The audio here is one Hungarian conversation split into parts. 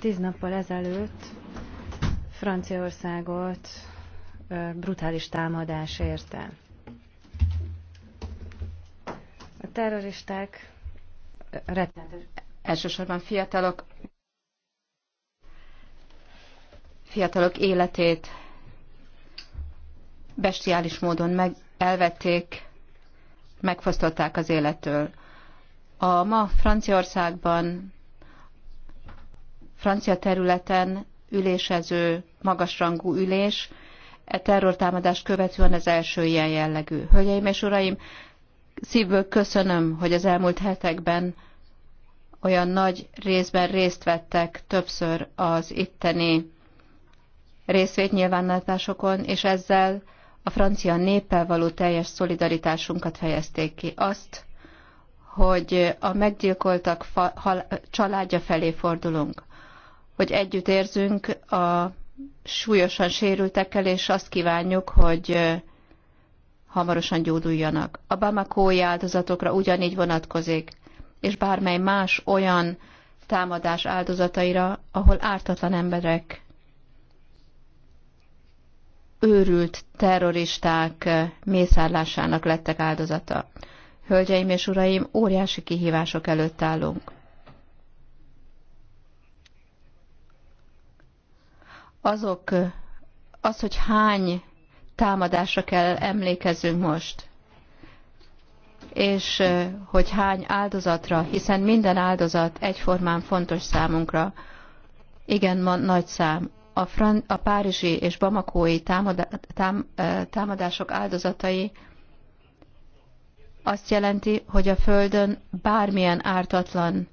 Tíz nappal ezelőtt Franciaországot brutális támadás érte. A terroristák rettenetes. Elsősorban fiatalok, fiatalok életét bestiális módon meg, elvették, megfosztották az élettől. A ma Franciaországban francia területen ülésező magasrangú ülés, e terrortámadást követően az első ilyen jellegű. Hölgyeim és uraim, szívből köszönöm, hogy az elmúlt hetekben olyan nagy részben részt vettek többször az itteni részvétnyilvánlátásokon, és ezzel a francia néppel való teljes szolidaritásunkat fejezték ki. Azt, hogy a meggyilkoltak fa- családja felé fordulunk hogy együtt érzünk a súlyosan sérültekkel, és azt kívánjuk, hogy hamarosan gyóduljanak. A Bamakói áldozatokra ugyanígy vonatkozik, és bármely más olyan támadás áldozataira, ahol ártatlan emberek, őrült terroristák mészárlásának lettek áldozata. Hölgyeim és uraim, óriási kihívások előtt állunk. azok, az, hogy hány támadásra kell emlékezünk most, és hogy hány áldozatra, hiszen minden áldozat egyformán fontos számunkra. Igen, nagy szám. A, Fran- a párizsi és bamakói támada- tám- támadások áldozatai azt jelenti, hogy a Földön bármilyen ártatlan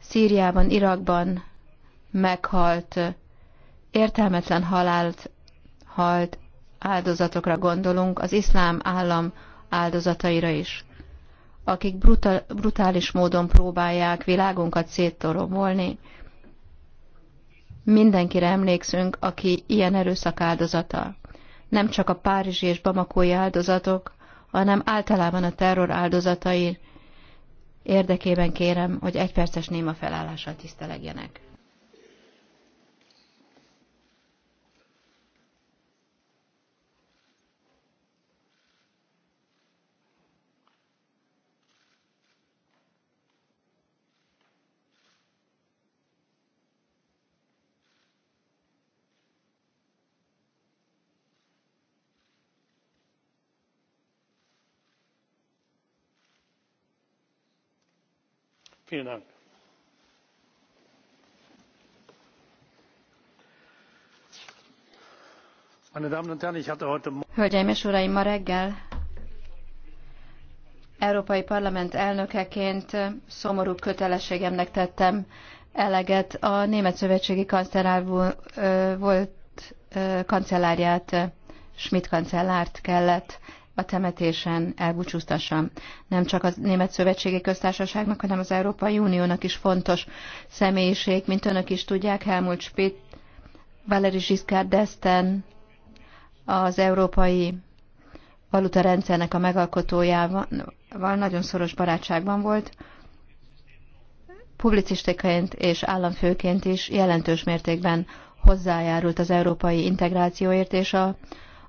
Szíriában, Irakban meghalt értelmetlen halált halt áldozatokra gondolunk, az iszlám állam áldozataira is, akik brutal, brutális módon próbálják világunkat széttoromolni. Mindenkire emlékszünk, aki ilyen erőszak áldozata. Nem csak a párizsi és bamakói áldozatok, hanem általában a terror áldozatai érdekében kérem, hogy egy perces néma felállással tisztelegjenek. hölgyeim és uraim! ma reggel európai parlament elnökeként szomorú kötelességemnek tettem eleget a német szövetségi kancellár volt kancellárját schmidt kancellárt kellett a temetésen elbúcsúztassam. Nem csak a Német Szövetségi Köztársaságnak, hanem az Európai Uniónak is fontos személyiség, mint önök is tudják, Helmut Spitt, Valéry Giscard d'Esten, az Európai Valuta Rendszernek a megalkotójával nagyon szoros barátságban volt, publicistaként és államfőként is jelentős mértékben hozzájárult az európai integrációért és a,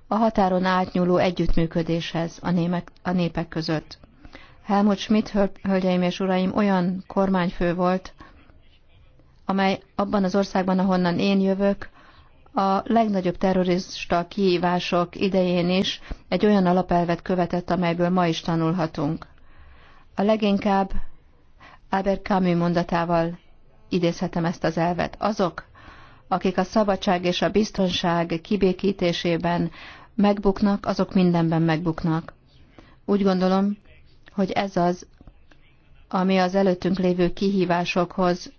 a határon átnyúló együttműködéshez a, némek, a népek között. Helmut Schmidt, hölgyeim és uraim, olyan kormányfő volt, amely abban az országban, ahonnan én jövök, a legnagyobb terrorista kihívások idején is egy olyan alapelvet követett, amelyből ma is tanulhatunk. A leginkább Albert Camus mondatával idézhetem ezt az elvet. Azok, akik a szabadság és a biztonság kibékítésében megbuknak, azok mindenben megbuknak. Úgy gondolom, hogy ez az, ami az előttünk lévő kihívásokhoz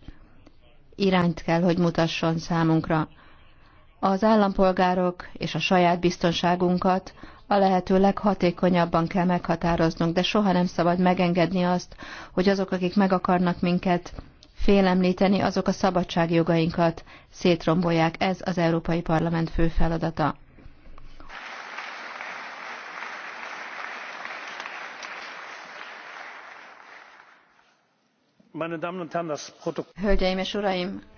irányt kell, hogy mutasson számunkra. Az állampolgárok és a saját biztonságunkat a lehető leghatékonyabban kell meghatároznunk, de soha nem szabad megengedni azt, hogy azok, akik meg akarnak minket félemlíteni, azok a szabadságjogainkat szétrombolják. Ez az Európai Parlament fő feladata. Hölgyeim és Uraim!